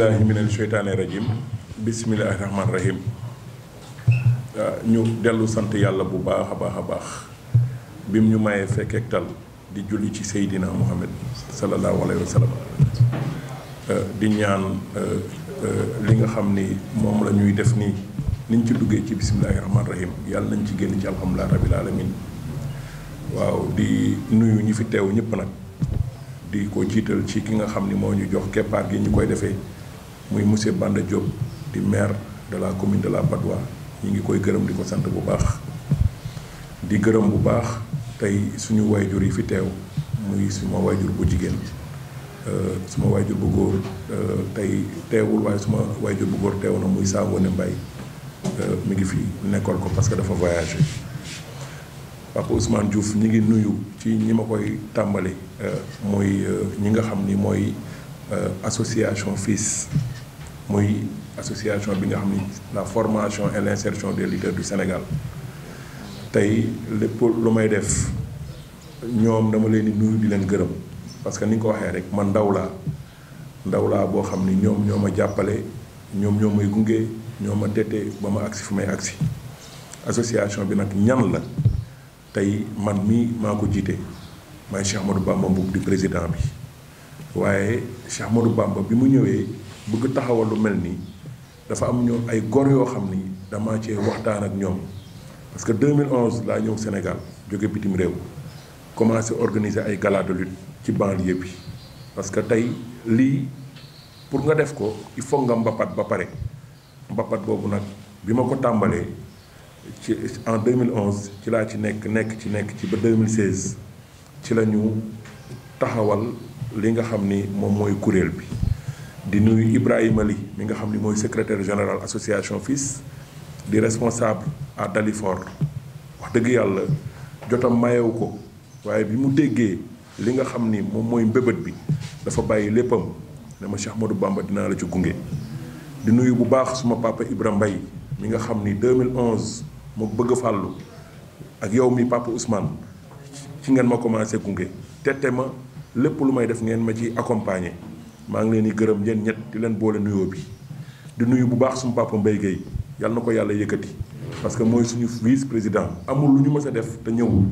billahi min alsheytaani rajim bismillahi rahmaani rahim ah, ñu dellu sant yàlla bu baax a baax a baax bim ñu mayee fekkeek di julli ci Seydina Muhammad sallallahu alayhi wa sallam ah, di ñaan ah, li nga xam ni moom la ñuy def nii niñ ci duggee ci bismillahi rahmaani rahim yàlla nañ ci génn ci alhamdulilah rabbil alamin waaw di nuyu ñi fi teew ñëpp nag di ko jiital ci ki nga xam ni moo ñu jox keppaar gi ñu koy defee muy monsieur Banda Diop di maire de la commune de la Patte d'Oie ñi ngi koy gërëm di ko sant bu baax di gërëm bu baax tey suñu jur yi fi teew muy suma waajur bu jigéen euh, suma waajur bu góor euh, tey teewul waaye suma waajur bu góor teew na muy saaboo ne mbay euh, mi ngi fi nekkoon ko parce que dafa voyagé Papa Ousmane Diouf ñi ngi nuyu ci ñi ma koy tàmbali mooy ñi nga xam ni mooy association FILS muy association bi nga xam ni la formation et l'insertion des leaders du Sénégal tey lépp lu may def ñoom dama leen di nuyu di leen gërëm parce que ni nga ko waxee rek man ndaw laa ndaw laa boo xam ni ñoom ñoo ma jàppale ñoom ñoom may gunge ñoo ma tete ba ma agsi fu may agsi association bi nag ñan la tey man mi maa ko jiite maay Cheikh Ahmadou Bamba Mboup di président bi waaye Cheikh Ahmadou Bamba bi mu ñëwee. bëgg taxawal lu mel nii dafa am ñoom ay gor yoo xam ni damaa ci waxtaan ak ñoom parce que deux mille 2011 laa ñëw Sénégal jóge bitim réew commencé organiser ay gala ci banlieue bi parce que tey lii pour nga def ko il faut nga mbapat ba pare mbapat boobu nag bi ma ko tàmbalee ci en mille 2011 ci laa ci nekk nekk ci nekk ci ba 2016 ci la ñu taxawal li nga xam ni moom mooy kuréel bi. di nuyu Ibrahima Ly mi nga xam ni mooy secrétaire général association FILS di responsable à Dalifort wax dëgg yàlla jotam mayewu ko waaye bi mu déggee li nga xam ni moom mooy mbébét bi dafa bàyyi léppam dama ma Cheikh Modou Bamba dinaa la ci gunge di nuyu bu baax suma papa Ibra mbay mi nga xam ni 2011 moo bëgg fàllu ak yow mi papa Ousmane ci ngeen ma commencé gunge tette ma lépp lu may def ngeen ma ci accompagner maa ngi leen di gërëm yéen ñett di leen boole nuyoo bi di nuyu bu baax suñu papa Mbaye Gueye yàlla na ko yàlla yëkkati parce que mooy suñu vice président amul lu ñu mës see def te ñëwul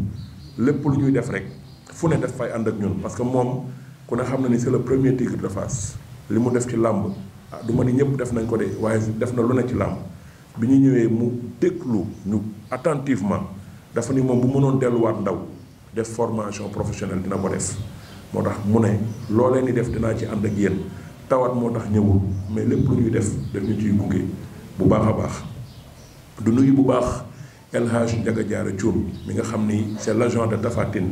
lépp lu ñuy def rek fu ne def fay ànd ak ñun parce que moom ku ne xam na ni c'est le premier tigre de Fass li mu def ci làmb ah du ma ni ñëpp def nañ ko de waaye def na lu ne ci làmb bi ñu ñëwee mu lu ñu attentivement dafa ni moom bu mënoon delluwaat ndaw def formation professionnelle dina ko def moo tax mu ne loo leen di def danaa ci ànd ak yéen tawaat moo tax ñëwul mais lépp lu ñuy def daf ñu ci gunge bu baax a baax du nuyu bu baax El Hadj jaar Diarra Thioune mi nga xam ni c'est l'agent de Tapha Tine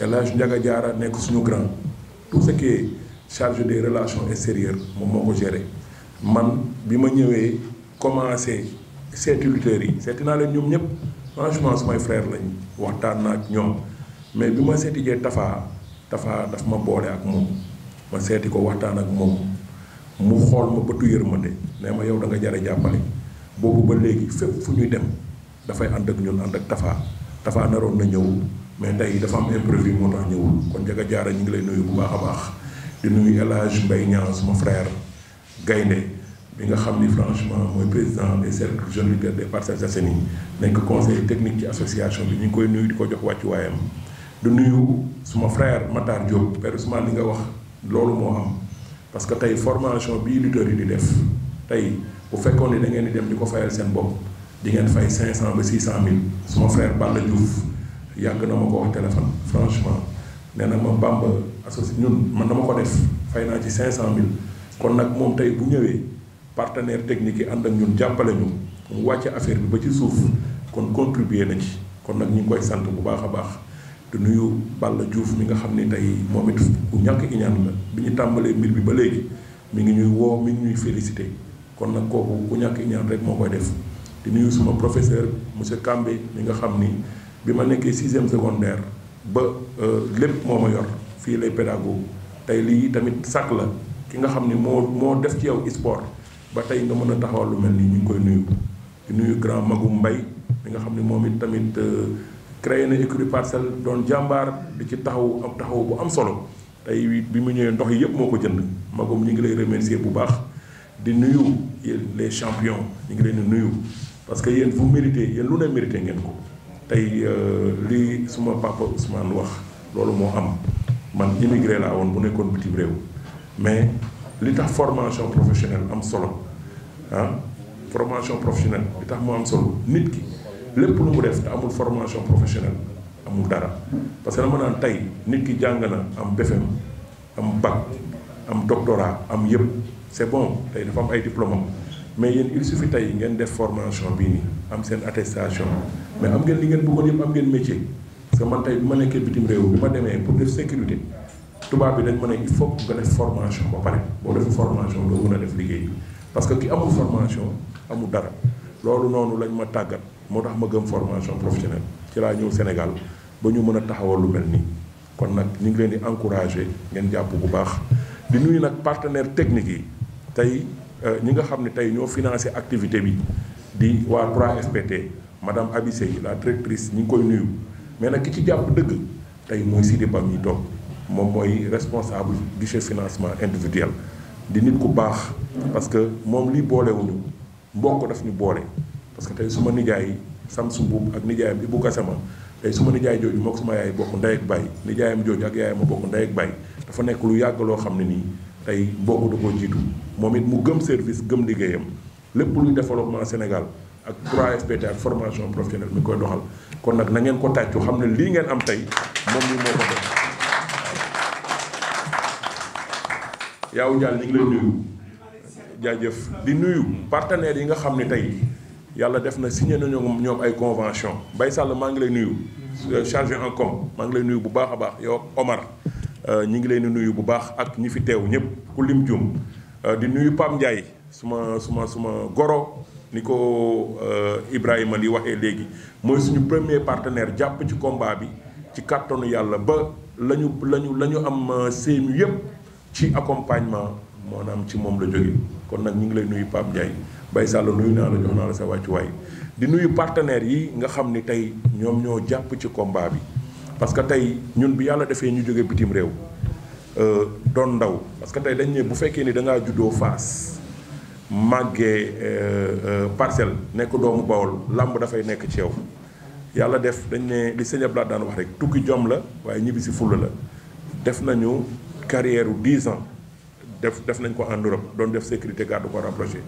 El Hadj jaar a nekk suñu grand tout ce charge de chargé des relations moom moo ko géré man bi ma ñëwee commencé seeti lutteurs yi seeti naa leen ñoom ñëpp franchement sumay frère lañ waxtaan naa ak ñoom mais bi ma seeti jee Tapha dafa daf ma boole ak moom ma seeti ko waxtaan ak moom mu xool ma bëtu yërmande nee ma yow da nga jare jàppale boobu ba léegi fépp fu ñuy dem dafay ànd ak ñun ànd ak Tafa Tafa naroon na ñëw mais tey dafa am imprévu moo tax ñëwul kon Njaga Jaara ñu ngi lay nuyu bu baax a baax di nuyu El Hadj Mbaye Niang suma frère gaynde bi nga xam ni franchement mooy président des cercles jeunes leaders des Parcelles Assainies nekk conseil technique ci association bi ñu ngi koy nuyu di ko jox wàccuwaayam du nuyu suma frère Matar Diop père Ousmane li nga wax loolu moo am parce que tey formation bii lutteurs yi di def tey bu fekkoon ni da ngeen di dem di ko fayal seen bopp di ngeen fay 500 ba 600 mille suma frère Balla Diouf yàgg na ma ko wax téléphone franchement nee na ma Bamba associé ñun man ma ko def fay naa ci cinq 500 mille kon nag moom tey bu ñëwee partenaire technique yi ànd ak ñun jàppale ñu mu wàcce affaire bi ba ci suuf kon contribuer na kon nag ñu ngi sant bu baax a baax. du nuyu Balla Diouf mi nga xam ne tey moom it ku ñàkk iñaan la bi ñu tàmbalee mbir bi ba léegi mi ngi ñuy woo mi ngi ñuy félicité kon nag kooku ku ñàkk iñaan rek moo koy def di nuyu suma professeur monsieur Kambé mi nga xam ni bi ma nekkee sixième secondaire ba euh, lépp moo ma yor fii lay pédagogue tey lii tamit sàkk la ki nga xam ni moo moo def ci yow sport ba tey nga mën a taxawal lu mel nii ñu ngi koy nuyu di nuyu grand magum mbay mi nga xam ni moom it tamit euh, créé na écurie parcelle doon jàmbaar di ci taxaw am taxaw bu am solo tey bi mu ñëwee ndox yi yëpp moo ko jënd magom ñu ngi lay remercier bu baax di nuyu les champions ñu ngi leen di nuyu parce que yéen fu mérité yéen lu ne mérité ngeen ko tey euh, li suma papa Ousmane wax loolu moo am man immigré laa woon bu nekkoon bitim réew mais li tax formation professionnelle am solo ah formation professionnelle li tax mu am solo nit ki lépp lu mu def te amul formation professionnelle amul dara parce que dama naan tey nit ki jàng na am BFEM am bac am doctorat am yëpp c'est bon tey dafa am ay diplôme mais yéen il suffit tey ngeen def formation bii nii am seen attestation mais am ngeen li ngeen bëggoon yëpp am ngeen métier parce que man tey bi ma nekkee bitim réew bi ma demee pour def sécurité tubaab bi dañ ma ne il faut nga def formation ba pare boo defee formation doo mën a def liggéey parce que ki amul formation amul dara loolu noonu lañ ma tàggat moo tax ma gëm formation professionnelle ci laa ñëw Sénégal ba ñu mën a taxawal lu mel nii kon nag ñu ngi leen di encouragé ngeen jàpp bu baax di nuyu nag partenaire technique yi tey euh, ñi nga xam ne tey ñoo financé activité bi di waa 3FPT madame Abissé la directrice ñi ngi koy nuyu mais nag ki ci jàpp dëgg tey mooy Sidi Ba mi toog moom mooy responsable guichet financement individuel di nit ku baax parce que moom li boolewuñu mbokk daf ñu boole parce que tey suma nijaay Samsu Mbuub ak nijaayam bu Gassama tey suma nijaay jooju mook suma yaay bokk ndey ak baay nijaayam jooju ak yaayam ma bokk ndey ak baay dafa nekk lu yàgg loo xam ne nii tey mbokk da koo jiitu moom it mu gëm service gëm liggéeyam lépp luy développement Sénégal ak 3FPT ak formation professionnelle mi koy doxal kon nag na ngeen ko tàccu xam ne lii ngeen am tey moom mi moo ko def yaaw jaal ñu ngi lay nuyu jaajëf di nuyu partenaires yi nga xam ne tey yàlla def na signé nañu ñoom ay convention bay Sall maa ngi lay nuyu. Euh, chargé en com maa ngi lay nuyu bu baax a baax yow Omar euh, ñi ngi lay nuyu bu baax ak ñi fi teew ñëpp ku lim jum euh, di nuyu Pam Ndiaye suma suma suma goro ni ko Ibrahima li waxee léegi mooy suñu premier partenaire jàpp ci combat bi ci kàttanu yàlla ba lañu lañu la ñu am séenu yëpp ci accompagnement moo ci moom la jóge kon nag ñu ngi lay nuyu Pam Ndiaye bay Sall nuyu naa la jox naa la sa wàccuwaay di nuyu partenaires yi nga xam ni tey ñoom ñoo jàpp ci kombaa bi parce que tey ñun bi yàlla defee ñu jóge bitim réew euh, doon ndaw parce que tey dañ ne bu fekkee ni da ngaa juddoo Fass màggee euh, euh, parcelle nekk doomu Bawol làmb dafay nekk ci yow yàlla def dañ ne li sëñ Abdoulaye daan wax rek tukki jom la waaye ñibbisi si fulla la def nañu carrière u 10 def def nañ ko en Europe doon def sécurité garde corps rapproché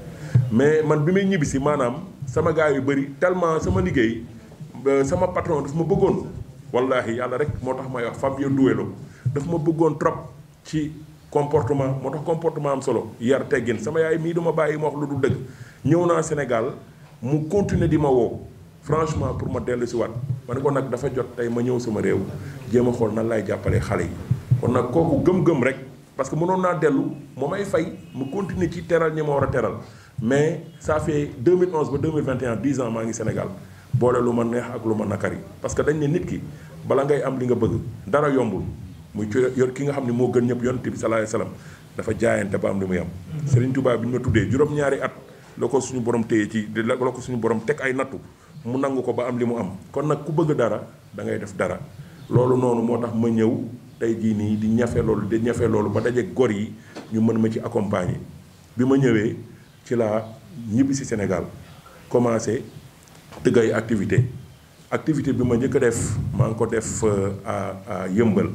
mais man bi may ñibbisi maanaam sama gars yu bëri tellement sama liggéey euh, sama patron dafa ma bëggoon wallaahi yàlla rek moo tax may wax Fabien Duwelo dafa ma bëggoon trop ci comportement moo tax comportement am solo yar teggin sama yaay mii duma bàyyi ma wax lu du dëgg ñëw naa Sénégal mu continuer di ma woo franchement pour ma dellu si waat ma ne ko nag dafa jot tey ma ñëw sama réew jéem a xool nan laay jàppalee xale yi kon nag kooku gëm-gëm rek parce que mënoon naa dellu moo may fay mu continuer ci teral ñi ma war a teral mais ça fait 2011 ba 2021 10 ans maa ngi Sénégal boole lu ma neex ak lu ma nakari parce que dañ ne nit ki balaa ngay am li nga bëgg dara yombul muy ci yor ki nga xam ne moo gën ñëpp yonent bi sallallahu alayhi wasallam dafa jaayante ba am lu muy am. Serigne Touba bi ñu ma tuddee juróom-ñaari at la ko suñu borom téye ci la ko suñu borom teg ay nattu mu nangu ko ba am li mu am kon nag ku bëgg dara dangay def dara loolu noonu moo tax ma ñëw. tey jii nii di ñafe loolu di ñafe loolu ba daje gor yi ñu mën ma ci accompagner bi ma ñëwee ci laa ñibbi si Sénégal commencé tëgg ay activité activité bi ma njëkk a def maa ngi ko def euh, à yëmbal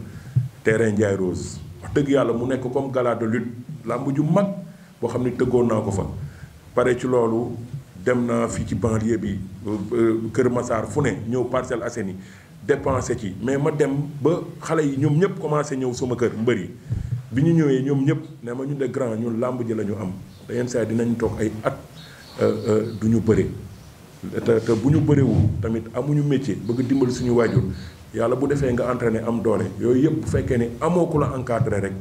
terrain Ndiaye Rose dëgg yàlla mu nekk comme gala de lutte làmb ju mag boo xam ne tëggoon naa ko fa pare ci loolu dem naa fii ci banlieue bi euh, euh, Kër Massar fu ne ñëw Parcelles Assainies dépensé ci mais ma dem ba xale yi ñoom ñëpp commencé ñëw suma kër mbër yi bi ñu ñëwee ñoom ñëpp ne ma ñu de grand ñu làmb ji la ñu am yenn saa dinañ toog ay at euh, euh, du ñu bëre te bu ñu bërewul tamit amuñu métier bëgg dimbali suñu waajur yàlla bu defee nga entraîné am doole yooyu yëpp bu fekkee ni amoo ku la encadré rek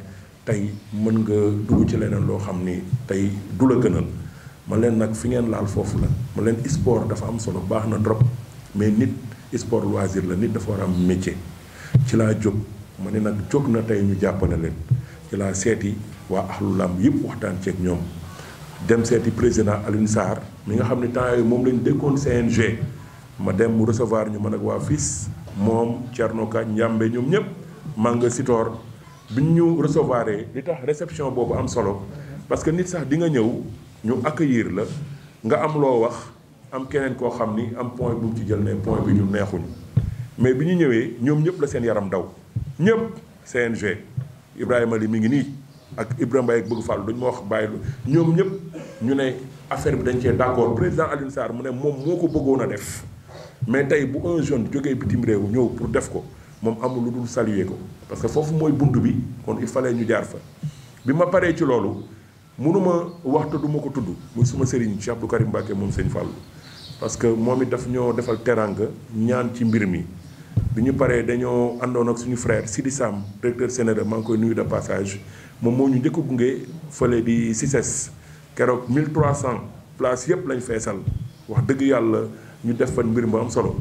tey mën nga dugg ci leneen loo xam ni tey du la gënal ma leen nag fi ngeen laal foofu la ma leen sport dafa am solo baax na trop mais nit sport loisir la nit dafa war am métier ci laa jóg ma ne nag jóg na tey ñu jàppale leen ci laa seeti waa axlu làmb yëpp waxtaan ceeg ñoom dem seeti président Alioune mi nga xam ne temps yooyu moom lañu dékkoon CNG ma dem mu recevoir ñu mën ak waa FIS moom Thierno njàmbe ñoom ñëpp Manga Sitor bi ñu recevoir li tax reception boobu am solo parce que nit sax di nga ñëw ñu accueillir la nga am loo wax am keneen koo xam ni am point bu mu ci jël ne point bi ñu neexuñu mais bi ñu ñëwee ñoom ñëpp la seen yaram daw ñëpp CNG Ibrahima li mi ngi nii. ak Ibrahima Mbaye ak Bëgg Fall duñ ma wax bàyyi lu ñoom ñëpp ñu ne affaire bi dañ cee d'accord président Alioune mu ne moom moo ko bëggoon a def mais tey bu un jeune jógee bitim réew ñëw pour def ko moom amul lu dul saluer ko parce que foofu mooy bunt bi kon il fallait ñu jaar fa bi ma paree ci loolu mënuma waxtu duma ko tudd muy suma sëriñ Cheikh Abdou Karim Mbacké moom seen Fallou parce que moom it daf ñoo defal teranga ñaan ci mbir mi bi ñu paree dañoo àndoon ak suñu frère Sidi Sam directeur général maa ngi koy nuyu de passage moom moo ñu njëkk gunge fële di CICES keroog 1300 places yëpp lañ feesal wax dëgg yàlla ñu def fan mbir mu am solo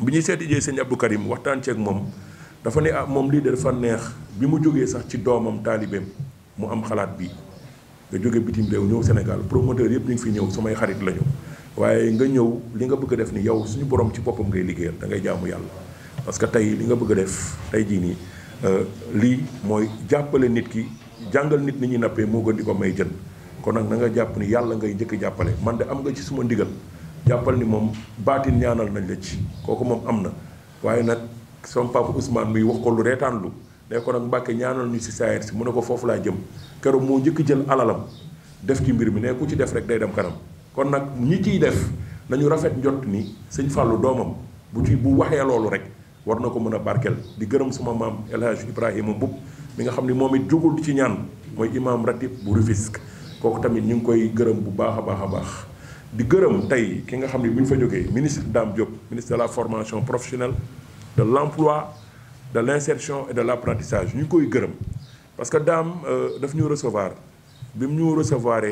bi ñuy seeti jee sëñ Abdou Karim waxtaan ceeg moom dafa ne ah moom lii de dafa neex bi mu jógee sax ci doomam taalibeem mu am xalaat bi nga jóge bitim réew ñëw Sénégal promoteur yëpp ñu ngi fi ñëw samay xarit lañu waaye nga ñëw li nga bëgg a def ni yow suñu borom ci boppam ngay liggéeyam da ngay jaamu yàlla parce que tey li nga bëgg a def tey jii nii. Euh, lii mooy jàppale nit ki jàngal nit ni ñuy nappee moo gën di ko may jën kon nag na jàpp ni yàlla ngay njëkk jàppale man de am nga ci suma ndigal jàppal ni moom baatin ñaanal nañ la ci kooku moom am na waaye nag sama papa Ousmane muy wax ko lu reetaan lu ne ko nag Mbàkke ñaanal ñu si saayir si mu ne ko foofu laa jëm keroog moo jëkk jël alalam def ci mbir mi ne ku ci def rek day dem kanam kon nag ñi ciy def nañu rafet njott ni sëñ Fàllu doomam bu ci bu waxee loolu rek war na ko mën a barkeel di gërëm suma maam El Hadj Ibrahima Mbub mi nga xam ni moom it jugul ci ñaan mooy imaam ratib bu Rufisque kooku tamit ñu ngi koy gërëm bu baax a baax a baax di gërëm tey ki nga xam ni bu ñu fa jógee ministre Dame Diop ministre de la formation professionnelle de l' emploi de l' insertion et de l' ñu ngi koy gërëm parce que daam euh, daf ñu recevoir bi mu ñu recevoir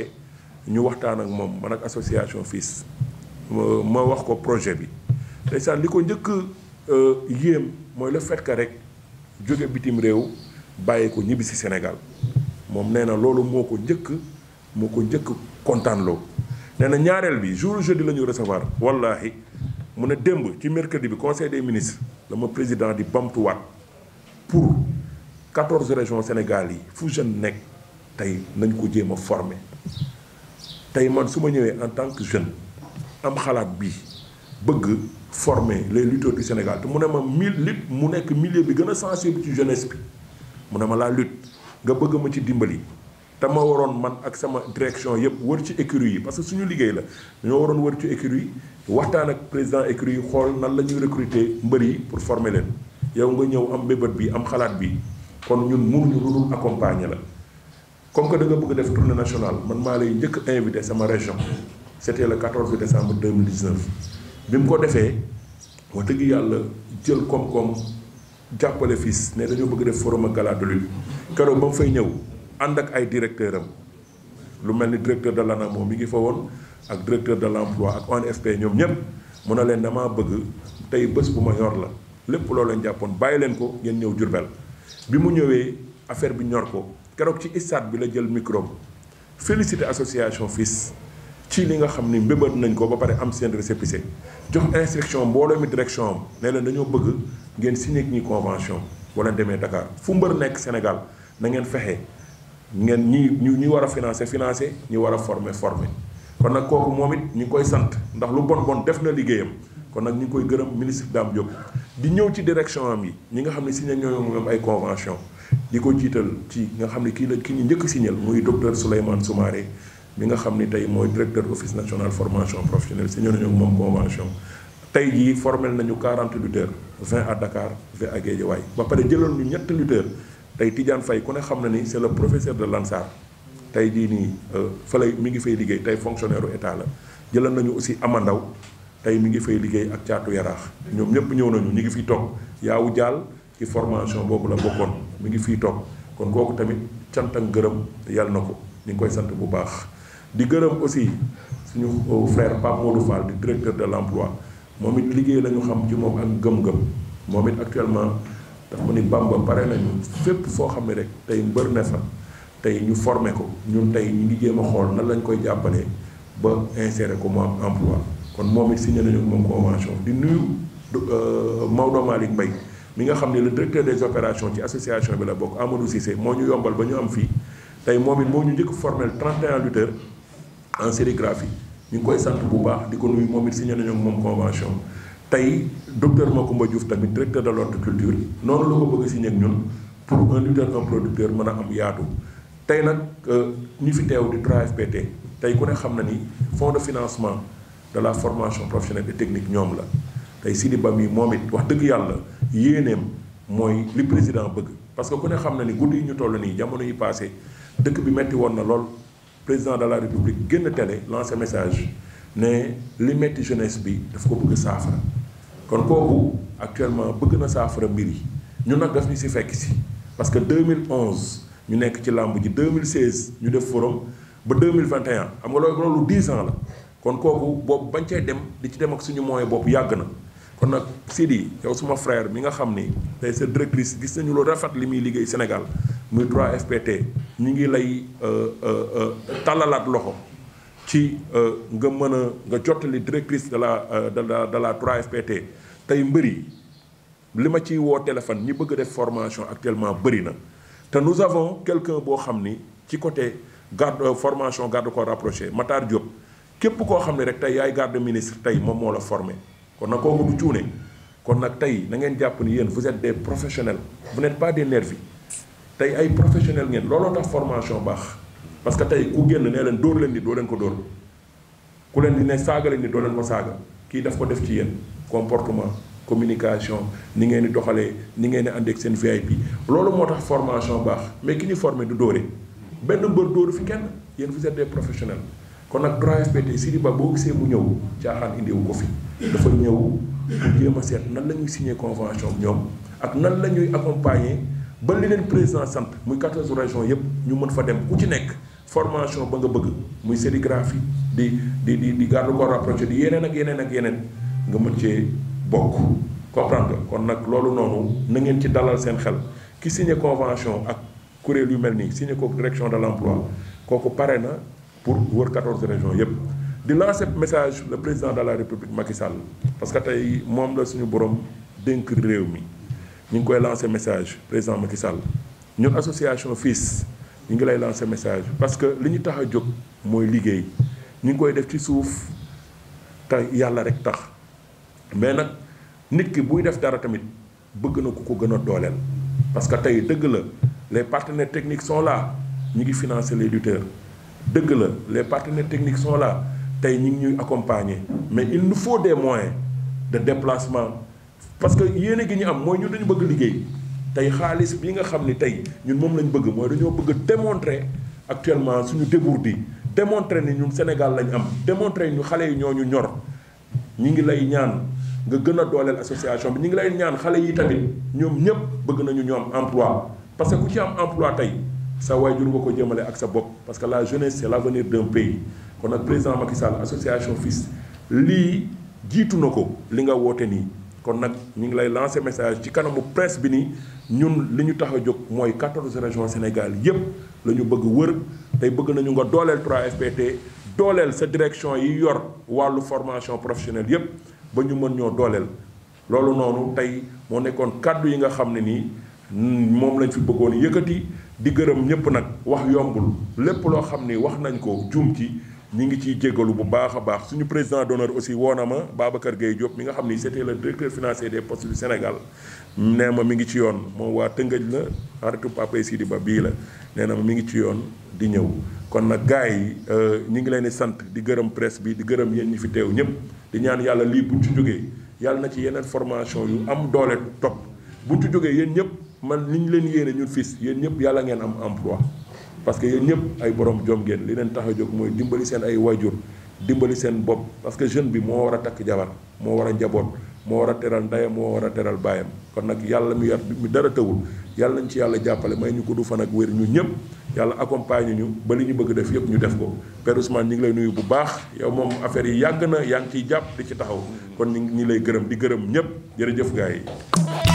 ñu waxtaan ak moom man ak association FIS ma wax ko projet bi Euh, yéem mooy la fait rek jóge bitim réew bàyyi ko ñibbi si Sénégal moom nee na loolu moo ko njëkk moo ko njëkk kontaanloo loo nee na ñaareel bi jour jeudi la ñu recevoir wallahi mu ne démb ci mercredi bi conseil des ministres dama président di bamtuwaat pour quatorze région Sénégal yi fu jeune nekk tey nañ ko jéem a former tey man su ma ñëwee en tant que jeune am xalaat bii bëgg forme les lutteurs Sénégal te mu ne ma mille lutte mu nekk milieu bi gën a sensible ci jeunesse bi mu ne ma la lutte nga bëgg ma ci dimbali te ma waroon man ak sama direction yëpp wër ci écurie yi parce que suñu liggéey la ñoo waroon wër ci écurie yi président écurie yi xool nan la ñuy recruter mbër yi pour former leen yow nga ñëw am bébët bi am xalaat bi kon ñun mënuñu lu dul accompagner la comme que da nga bëgg def tournée national man maa lay njëkk invité sama région c'était le 14 décembre 2019 bi mu ko defee wax dëgg yàlla jël koom-koom jàppale fils ne dañoo bëgg def forum ak gala de lutte keroog ba mu fay ñëw ànd ak ay directeur lu mel ni directeur de l'ANAM moom mi ngi fa woon ak directeur de l'emploi ak ONFP ñoom ñëpp mu ne leen damaa bëgg tey bés bu ma yor la lépp loo leen jàppoon bàyyi leen ko ngeen ñëw Jurbel bi mu ñëwee affaire bi ñor ko keroog ci stade bi la jël micro félicité association fils ci li nga xam ni mbébét nañ ko ba pare am seen récépissé jox instruction mbooloo mi direction am ne leen dañoo bëgg ngeen signé ak ñi convention wala demee Dakar fu mbër nekk Sénégal na ngeen fexe ngeen ñi ñu ñi war a financé financé ñi war a formé formé kon nag kooku moom it ñu ngi koy sant ndax lu bon bon def na liggéeyam kon nag ñu ngi koy gërëm ministre Dame Diop di ñëw ci direction am yi ñi nga xam ne signé ñoo moom ay convention di ko jiital ci nga xam ne kii la ki ñu njëkk signal muy docteur Souleymane Soumaré mi nga xam ni tey mooy directeur office nationale formation professionnelle signé nañu moom convention tey jii formel nañu 40 lutteurs 20 à Dakar 20 à Guédiawaye ba pare jëloon ñu ñetti lutteurs tey Tidiane fay ku ne xam na ni c'est le professeur de l'ANSAR tey jii nii euh, fa lay mi ngi fay liggéey tey fonctionnaire u état la jëloon nañu aussi Amandaw tey mi ngi fay liggéey ak caatu yaraax ñoom ñëpp ñëw nañu ñu ngi fiy toog yaawu jaal ci formation boobu la bokkoon mi ngi fiy toog kon kooku tamit cant gërëm yàlla na ko ñu ngi koy sant bu baax di gërëm aussi suñu euh, frère Pape Modou Fall di directeur de l' emploi moom it liggéey la ñu xam ci moom ak gëm-gëm moom it actuellement daf ma ni Bamba pare nañu fépp foo xam ne rek tey mbër ne fa tey ñu formé ko ñun tey ñu ngi jéem xool nan lañ koy jàppalee ba insérer ko mu am emploi kon moom it signé nañu moom convention di nuyu euh, Maodo Malick Mbaye mi nga xam ne le directeur des opérations ci association bi la bokk Amadou moo ñu yombal ba ñu am fii tey moom it moo ñu njëkk formel 31 lutteurs en sérigraphie ñu ngi koy sant bu baax di ko nuyu moom it signé nañu ak moom convention tey docteur Macoumba Diouf tamit directeur de l'horticulture noonu la ko bëgg si signé ak ñun pour un lutteur un producteur mën a am yaatu tey nag euh, ñu fi teew di 3FPT tey ku ne xam na ni fonds de financement de la formation professionnelle et technique ñoom la tey Sidi Ba mi moom it wax dëgg yàlla yéeneem mooy li président bëgg parce que ku ne xam na ni guddi yi ñu toll nii jamono yi passé dëkk bi metti woon na lool président de la république génn télé lancé message ne li metti jeunesse bi daf ko bëgg saafara kon kooku actuellement bëgg na saafara mbir yi ñun nag daf ñu si fekk si parce que deux mille 2011 ñu nekk ci làmb ji mille 2016 ñu def forum ba mille 2021 am nga loolu loolu 10 ans la kon kooku boobu bañ cay dem di ci dem ak suñu moyen bopp yàgg na. kon nag Sidi yow suma frère mi nga xam ni tey sa directrice gis nañu lu rafet li muy liggéey Sénégal muy trois fpt ñu ngi lay euh, euh, euh, tàllalaat loxo ci nga mën a nga jottali directrice de la de la la 3FPT tey mbëri li ma ciy woo téléphone ñi bëgg def formation actuellement bëri na te nous avons quelqu'un boo xam ni ci côté garde formation garde corps rapproché Matar Diop képp koo xam ne rek tey yaay garde ministre tey moom moo la formé kon nag kooku du cuune kon nag tey na ngeen jàpp ni yéen vous êtes des professionnels vous n'êtes pas des nervis tey ay professionnels ngeen looloo tax formation baax parce que tey ku génn nee leen dóor leen di doo leen ko dóor ku leen di ne saaga leen ni doo leen ko saaga kii daf ko def ci yéen comportement communication ni ngeen di doxalee ni ngeen di ànd ak seen VIP loolu moo tax formation baax mais ki ñu formé du dóore benn mbër dóoru fi kenn yéen vous êtes des professionnels kon nag 3FPT Sidi Ba boo gisee mu ñëw caaxaan indiwu ko fi dafa ñëw mu jéem a seet nan la ñuy signer convention ñoom ak nan la ñuy accompagner ba li leen président sant muy 14 régions yëpp ñu mën fa dem ku ci nekk formation ba nga bëgg muy sérigraphie di di di di garde corps rapproché di yeneen ak yeneen ak yeneen nga mën cee bokk comprendre kon nag loolu noonu na ngeen ci dalal seen xel ki signer convention ak kuréel yu mel nii signer ko direction de l'emploi kooku pare na. pour wër 14 régions yëpp di lancer message le président de la république Macky parce que tey moom la suñu borom dénk réew mi ñu ngi koy lancer message président Macky ñun association FILS ñu ngi lay lancer message parce que li ñu tax a jóg mooy liggéey ñu ngi koy def ci suuf te yàlla rek tax mais nag nit ki buy def dara tamit bëgg na ku ko gën a dooleel parce que tey dëgg la les partenaires techniques sont là ñu ngi financer les lutteurs dëgg la les partenaires technique sont là tey ñu ngi ñuy accompagner mais il nous faut des moyens de déplacement parce que yéene gi ñu am mooy ñun dañu bëgg liggéey tey xaalis bi nga xam ni tey ñun moom lañ bëgg mooy dañoo bëgg a démontrer actuellement suñu di démontrer ni ñun Sénégal lañ am yi ñu xale yi ñoo ñu ñor ñu ngi lay ñaan nga gën a dooleel association bi ñu ngi lay ñaan xale yi tamit ñoom ñëpp bëgg nañu ñu am emploi parce que ku ci am emploi tey sa waajur nga ko jëmale ak sa bopp parce que la jeunesse c'est l'avenir d'un pays kon nag président Macky Sall association FILS lii jiitu na ko li nga woote nii kon nag ñu ngi lay lancer message ci kanamu presse bi nii ñun li ñu tax a jóg mooy 14 régions Sénégal yépp la ñu bëgg wër tey bëgg nañu nga dooleel trois fpt dooleel sa direction yi yor wàllu formation professionnelle yépp ba ñu mën ñoo dooleel loolu noonu tey moo nekkoon kàddu yi nga xam ne nii moom lañ fi bëggoon yëkkati di gërëm ñëpp nag wax yombul lépp loo xam ni wax nañ ko juum ci ñi ngi ciy jéggalu bu baax a baax suñu président d'honneur aussi woo na ma Babacar Gueye Diop mi nga xam ni c'était le directeur financier des postes du Sénégal nee ma mi ngi ci yoon moom waa Tëngëj la xaritu Papa Sidi Ba bii la nee na mi ngi ci yoon di ñëw kon nag gars yi euh, ñu ngi leen di sant di gërëm presse bi di gërëm yéen ñi fi teew ñëpp di ñaan yàlla lii buñ ci jógee yàlla na ci yeneen formation yu am doole topp buñ ci jógee yéen ñëpp man ni ñu leen yéene ñun fils yéen ñëpp yàlla ngeen am emploi parce que yéen ñëpp ay borom jom ngeen li leen taxa jóg mooy dimbali seen ay wajur dimbali seen bopp parce que jeune bi moo war a takk jabar moo war a njaboot moo war a teral ndeyam moo war a teral baayam kon nag yàlla mi yar mi dara tawul yàlla nañ ci yàlla jàppale may ñu ko du fan ak wér ñu ñëpp yàlla accompagne ñu ba li ñu bëgg def yëpp ñu def ko Père Ousmane ñu ngi lay nuyu bu baax yow moom affaire yi yàgg na yaa ngi ciy jàpp di ci taxaw kon ñu ngi lay gërëm di gërëm ñëpp jërëjëf yi